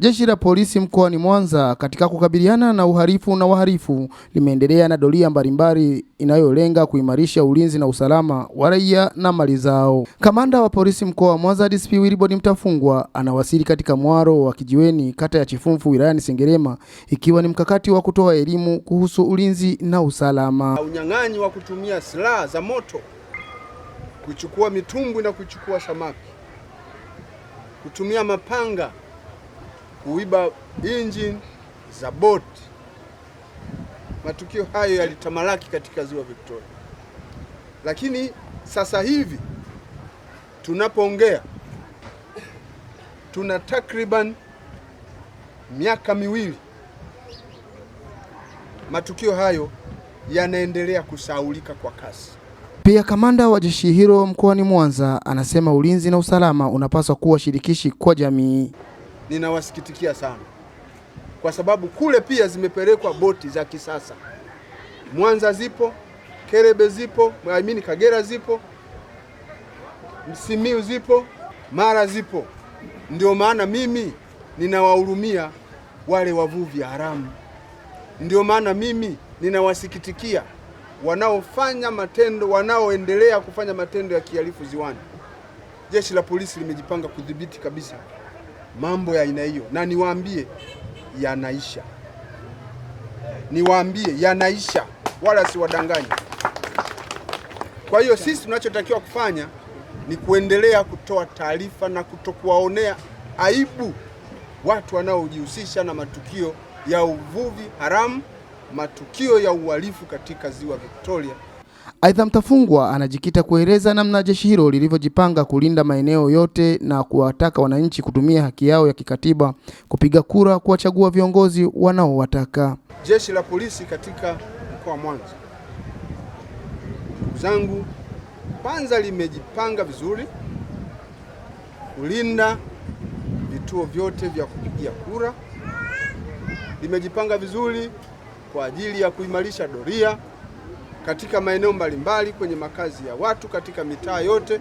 Jeshi la polisi mkoani Mwanza katika kukabiliana na uhalifu na wahalifu limeendelea na doria mbalimbali inayolenga kuimarisha ulinzi na usalama wa raia na mali zao. Kamanda wa polisi mkoa wa Mwanza DSP Wilbard Mtafungwa anawasili katika mwaro wa Kijiweni kata ya chifumfu wilayani Sengerema, ikiwa ni mkakati wa kutoa elimu kuhusu ulinzi na usalama. Unyang'anyi wa kutumia silaha za moto, kuchukua mitumbwi na kuchukua samaki, kutumia mapanga kuiba engine za boti. Matukio hayo yalitamalaki katika ziwa Victoria, lakini sasa hivi tunapoongea tuna takriban miaka miwili matukio hayo yanaendelea kusahaulika kwa kasi. Pia kamanda wa jeshi hilo mkoani Mwanza anasema ulinzi na usalama unapaswa kuwa shirikishi kwa jamii ninawasikitikia sana, kwa sababu kule pia zimepelekwa boti za kisasa. Mwanza zipo, Kerebe zipo, I mean Kagera zipo, msimiu zipo, Mara zipo. Ndio maana mimi ninawahurumia wale wavuvi haramu. Ndio maana mimi ninawasikitikia wanaofanya matendo, wanaoendelea kufanya matendo ya kihalifu ziwani. Jeshi la polisi limejipanga kudhibiti kabisa mambo ya aina hiyo, na niwaambie yanaisha, niwaambie yanaisha, wala siwadanganye. Kwa hiyo sisi tunachotakiwa kufanya ni kuendelea kutoa taarifa na kutokuwaonea aibu watu wanaojihusisha na matukio ya uvuvi haramu, matukio ya uhalifu katika ziwa Victoria. Aidha, Mtafungwa anajikita kueleza namna jeshi hilo lilivyojipanga kulinda maeneo yote na kuwataka wananchi kutumia haki yao ya kikatiba kupiga kura kuwachagua viongozi wanaowataka. Jeshi la polisi katika mkoa wa Mwanza, ndugu zangu, kwanza limejipanga vizuri kulinda vituo vyote vya kupigia kura, limejipanga vizuri kwa ajili ya kuimarisha doria katika maeneo mbalimbali, kwenye makazi ya watu, katika mitaa yote,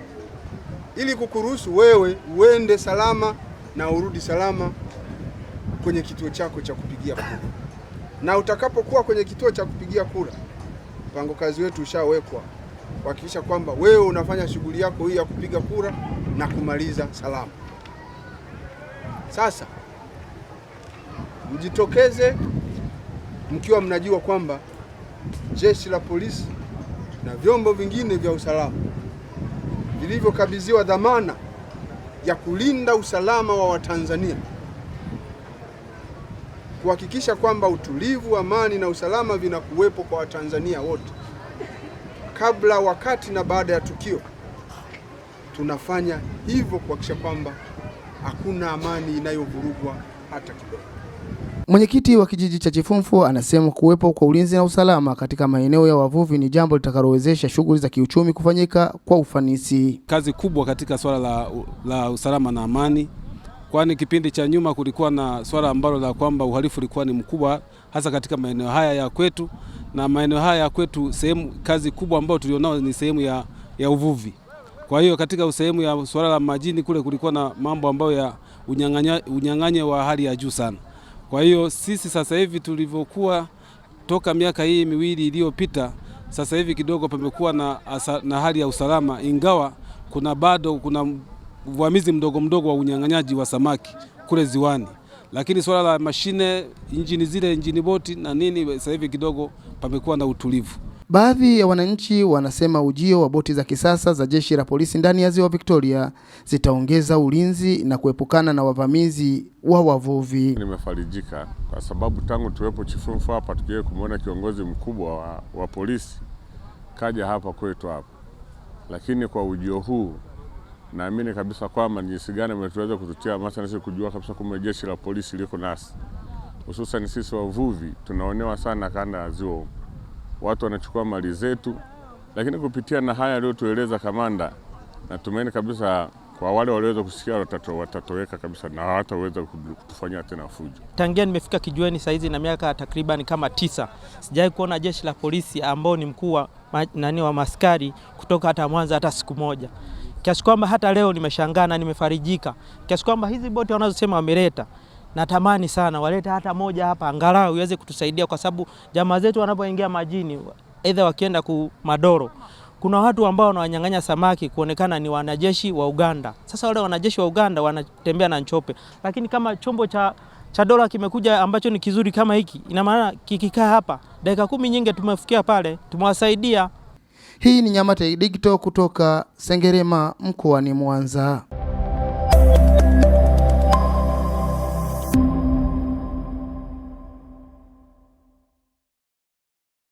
ili kukuruhusu wewe uende salama na urudi salama kwenye kituo chako cha kupigia kura. Na utakapokuwa kwenye kituo cha kupigia kura, mpango kazi wetu ushawekwa kuhakikisha kwamba wewe unafanya shughuli yako hii ya kupiga kura na kumaliza salama. Sasa mjitokeze mkiwa mnajua kwamba jeshi la polisi na vyombo vingine vya usalama vilivyokabidhiwa dhamana ya kulinda usalama wa Watanzania, kuhakikisha kwamba utulivu, amani na usalama vinakuwepo kwa Watanzania wote kabla, wakati na baada ya tukio. Tunafanya hivyo kuhakikisha kwamba hakuna amani inayovurugwa hata kidogo. Mwenyekiti wa kijiji cha Chifumfu anasema kuwepo kwa ulinzi na usalama katika maeneo ya wavuvi ni jambo litakalowezesha shughuli za kiuchumi kufanyika kwa ufanisi. Kazi kubwa katika swala la, la usalama na amani, kwani kipindi cha nyuma kulikuwa na swala ambalo la kwamba uhalifu ulikuwa ni mkubwa hasa katika maeneo haya ya kwetu, na maeneo haya ya kwetu sehemu kazi kubwa ambayo tulionao ni sehemu ya, ya uvuvi. Kwa hiyo katika sehemu ya swala la majini kule kulikuwa na mambo ambayo ya unyang'anya wa hali ya juu sana. Kwa hiyo sisi sasa hivi tulivyokuwa toka miaka hii miwili iliyopita, sasa hivi kidogo pamekuwa na, na hali ya usalama, ingawa kuna bado kuna uvamizi mdogo mdogo wa unyang'anyaji wa samaki kule ziwani, lakini swala la mashine, injini zile, injini boti na nini, sasa hivi kidogo pamekuwa na utulivu. Baadhi ya wananchi wanasema ujio wa boti za kisasa za jeshi la polisi ndani ya ziwa Victoria zitaongeza ulinzi na kuepukana na wavamizi wa wavuvi. Nimefarijika kwa sababu tangu tuwepo Chifunfu hapa tukiwe kumwona kiongozi mkubwa wa, wa polisi kaja hapa kwetu hapa, lakini kwa ujio huu naamini kabisa kwamba ni jinsi gani mnatuweza kututia hamasa nasi kujua kabisa kumbe jeshi la polisi liko nasi, hususan sisi wavuvi tunaonewa sana kanda ya ziwa watu wanachukua mali zetu. Lakini kupitia na haya aliyotueleza kamanda, natumaini kabisa kwa wale walioweza kusikia watatoweka kabisa na hawataweza kutufanyia tena fujo. Tangia nimefika kijiweni saa hizi na miaka takriban kama tisa, sijawahi kuona jeshi la polisi ambao ni mkuu wa nani wa maskari kutoka hata Mwanza hata siku moja, kiasi kwamba hata leo nimeshangaa na nimefarijika kiasi kwamba hizi boti wanazosema wameleta natamani sana walete hata moja hapa angalau iweze kutusaidia, kwa sababu jamaa zetu wanapoingia majini, aidha wakienda ku Madoro, kuna watu ambao wanawanyang'anya samaki kuonekana ni wanajeshi wa Uganda. Sasa wale wanajeshi wa Uganda wanatembea na nchope, lakini kama chombo cha cha dola kimekuja ambacho ni kizuri kama hiki, ina maana kikikaa hapa dakika kumi nyingi tumefikia pale, tumewasaidia. Hii ni Nyamate Digital kutoka Sengerema mkoani Mwanza.